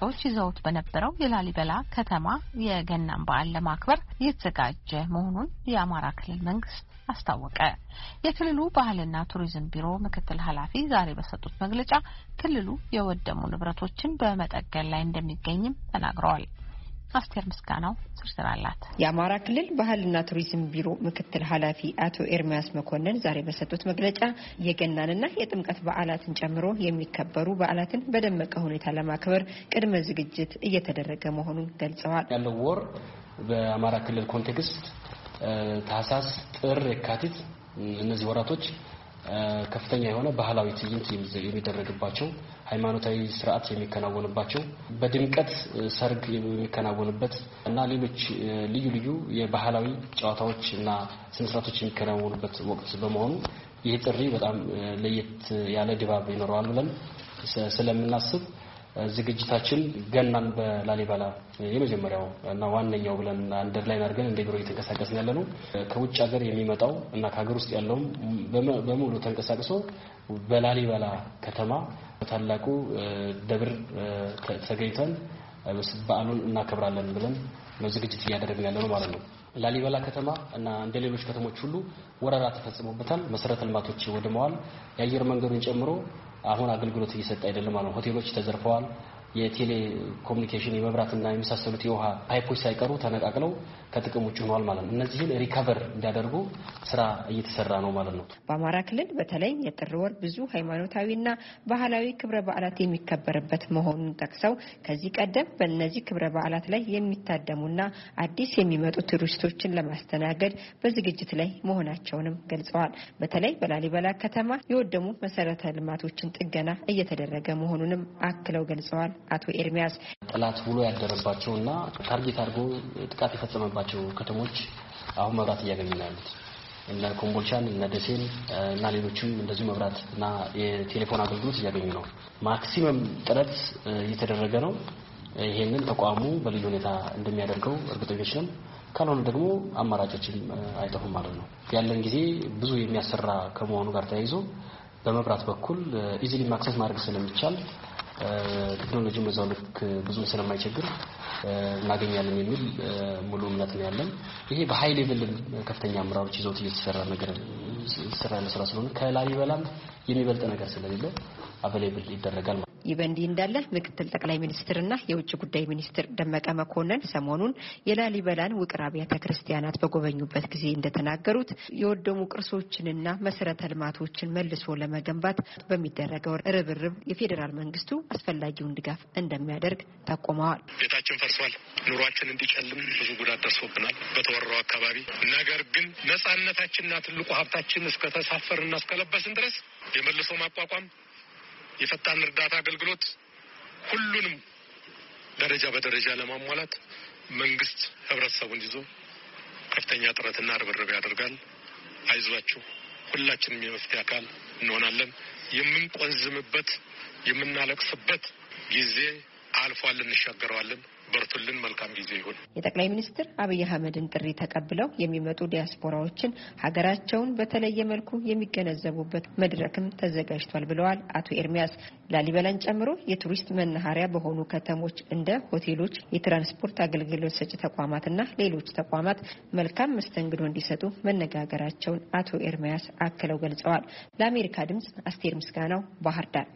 ታጣቂዎች ይዘውት በነበረው የላሊበላ ከተማ የገናን በዓል ለማክበር የተዘጋጀ መሆኑን የአማራ ክልል መንግስት አስታወቀ። የክልሉ ባህልና ቱሪዝም ቢሮ ምክትል ኃላፊ ዛሬ በሰጡት መግለጫ ክልሉ የወደሙ ንብረቶችን በመጠገን ላይ እንደሚገኝም ተናግረዋል። አስቴር ምስጋናው ዝርዝር አላት። የአማራ ክልል ባህልና ቱሪዝም ቢሮ ምክትል ኃላፊ አቶ ኤርሚያስ መኮንን ዛሬ በሰጡት መግለጫ የገናንና የጥምቀት በዓላትን ጨምሮ የሚከበሩ በዓላትን በደመቀ ሁኔታ ለማክበር ቅድመ ዝግጅት እየተደረገ መሆኑን ገልጸዋል። ያለው ወር በአማራ ክልል ኮንቴክስት ታህሳስ፣ ጥር፣ የካቲት እነዚህ ወራቶች ከፍተኛ የሆነ ባህላዊ ትዕይንት የሚደረግባቸው፣ ሃይማኖታዊ ስርዓት የሚከናወንባቸው፣ በድምቀት ሰርግ የሚከናወንበት እና ሌሎች ልዩ ልዩ የባህላዊ ጨዋታዎች እና ስነስርዓቶች የሚከናወኑበት ወቅት በመሆኑ ይህ ጥሪ በጣም ለየት ያለ ድባብ ይኖረዋል ብለን ስለምናስብ ዝግጅታችን ገናን በላሊበላ የመጀመሪያው እና ዋነኛው ብለን አንደርላይን አድርገን እንደ ቢሮ እየተንቀሳቀስን ያለ ነው። ከውጭ ሀገር የሚመጣው እና ከሀገር ውስጥ ያለውም በሙሉ ተንቀሳቅሶ በላሊበላ ከተማ በታላቁ ደብር ተገኝተን በዓሉን እናከብራለን ብለን ነው ዝግጅት እያደረግን ያለ ነው ማለት ነው። ላሊበላ ከተማ እና እንደ ሌሎች ከተሞች ሁሉ ወረራ ተፈጽሞበታል። መሰረተ ልማቶች ወድመዋል። የአየር መንገዱን ጨምሮ አሁን አገልግሎት እየሰጠ አይደለም አሉ። ሆቴሎች ተዘርፈዋል። የቴሌ ኮሚኒኬሽን የመብራትና የመሳሰሉት የውሃ ፓይፖች ሳይቀሩ ተነቃቅለው ከጥቅም ውጭ ማለት ነው። እነዚህን ሪካቨር እንዲያደርጉ ስራ እየተሰራ ነው ማለት ነው። በአማራ ክልል በተለይ የጥር ወር ብዙ ሃይማኖታዊና ባህላዊ ክብረ በዓላት የሚከበርበት መሆኑን ጠቅሰው ከዚህ ቀደም በእነዚህ ክብረ በዓላት ላይ የሚታደሙና አዲስ የሚመጡ ቱሪስቶችን ለማስተናገድ በዝግጅት ላይ መሆናቸውንም ገልጸዋል። በተለይ በላሊበላ ከተማ የወደሙ መሰረተ ልማቶችን ጥገና እየተደረገ መሆኑንም አክለው ገልጸዋል። አቶ ኤርሚያስ ጠላት ውሎ ያደረባቸው እና ታርጌት አድርጎ ጥቃት የፈጸመባቸው ከተሞች አሁን መብራት እያገኙ ነው ያሉት እነ ኮምቦልቻን እነ ደሴን እና ሌሎችም እንደዚሁ መብራት እና የቴሌፎን አገልግሎት እያገኙ ነው። ማክሲመም ጥረት እየተደረገ ነው። ይሄንን ተቋሙ በልዩ ሁኔታ እንደሚያደርገው እርግጠኞች ነን። ካልሆነ ደግሞ አማራጮችም አይጠፉም ማለት ነው። ያለን ጊዜ ብዙ የሚያሰራ ከመሆኑ ጋር ተያይዞ በመብራት በኩል ኢዚሊ ማክሰስ ማድረግ ስለሚቻል ቴክኖሎጂ በዛው ልክ ብዙም ስለማይቸግር እናገኛለን የሚል ሙሉ እምነት ነው ያለን። ይሄ በሀይ ሌቭል ከፍተኛ አመራሮች ይዘውት እየተሰራ ነገር ስራ ስለሆነ ከላሊበላም የሚበልጥ ነገር ስለሌለ አቬሌብል ይደረጋል። ይህ በእንዲህ እንዳለ ምክትል ጠቅላይ ሚኒስትርና የውጭ ጉዳይ ሚኒስትር ደመቀ መኮንን ሰሞኑን የላሊበላን ውቅር አብያተ ክርስቲያናት በጎበኙበት ጊዜ እንደተናገሩት የወደሙ ቅርሶችንና መሰረተ ልማቶችን መልሶ ለመገንባት በሚደረገው ርብርብ የፌዴራል መንግስቱ አስፈላጊውን ድጋፍ እንደሚያደርግ ጠቁመዋል። ቤታችን ፈርሷል። ኑሯችን እንዲጨልም ብዙ ጉዳት ደርሶብናል በተወራው አካባቢ። ነገር ግን ነጻነታችንና ትልቁ ሀብታችን እስከተሳፈርና እስከለበስን ድረስ የመልሶ ማቋቋም የፈጣን እርዳታ አገልግሎት ሁሉንም ደረጃ በደረጃ ለማሟላት መንግስት ህብረተሰቡን ይዞ ከፍተኛ ጥረትና ርብርብ ያደርጋል። አይዟችሁ፣ ሁላችንም የመፍትሄ አካል እንሆናለን። የምንቆንዝምበት የምናለቅስበት ጊዜ አልፏል፣ እንሻገረዋለን። በርቱልን። መልካም ጊዜ ይሁን። የጠቅላይ ሚኒስትር አብይ አህመድን ጥሪ ተቀብለው የሚመጡ ዲያስፖራዎችን ሀገራቸውን በተለየ መልኩ የሚገነዘቡበት መድረክም ተዘጋጅቷል ብለዋል አቶ ኤርሚያስ። ላሊበላን ጨምሮ የቱሪስት መናኸሪያ በሆኑ ከተሞች እንደ ሆቴሎች፣ የትራንስፖርት አገልግሎት ሰጪ ተቋማትና ሌሎች ተቋማት መልካም መስተንግዶ እንዲሰጡ መነጋገራቸውን አቶ ኤርሚያስ አክለው ገልጸዋል። ለአሜሪካ ድምጽ አስቴር ምስጋናው ባህር ዳር